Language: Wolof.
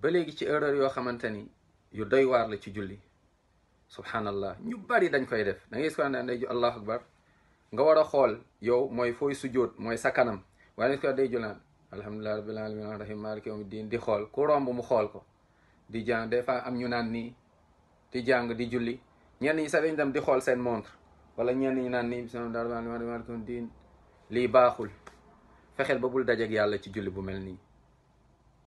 ba léegi ci erreur yoo xamante ni yu doy waar la ci julli subhanallah ñu bari dañ koy def da ngay gis ko naan day ju allahu akbar nga war a xool yow mooy fooy sujjóot mooy sa kanam waaye nga gis ko day julaan alhamdulillahi rabbil alamin rahim maliki yawmi din di xool ku romb mu xool ko di jàng des fois am ñu naan nii di jàng di julli ñenn ñi sax dañ dem di xool seen montre wala ñenn ñi naan nii bismillahir rahmanir rahim maliki yawmi din lii baaxul fexeel ba bul dajeeg yàlla ci julli bu mel nii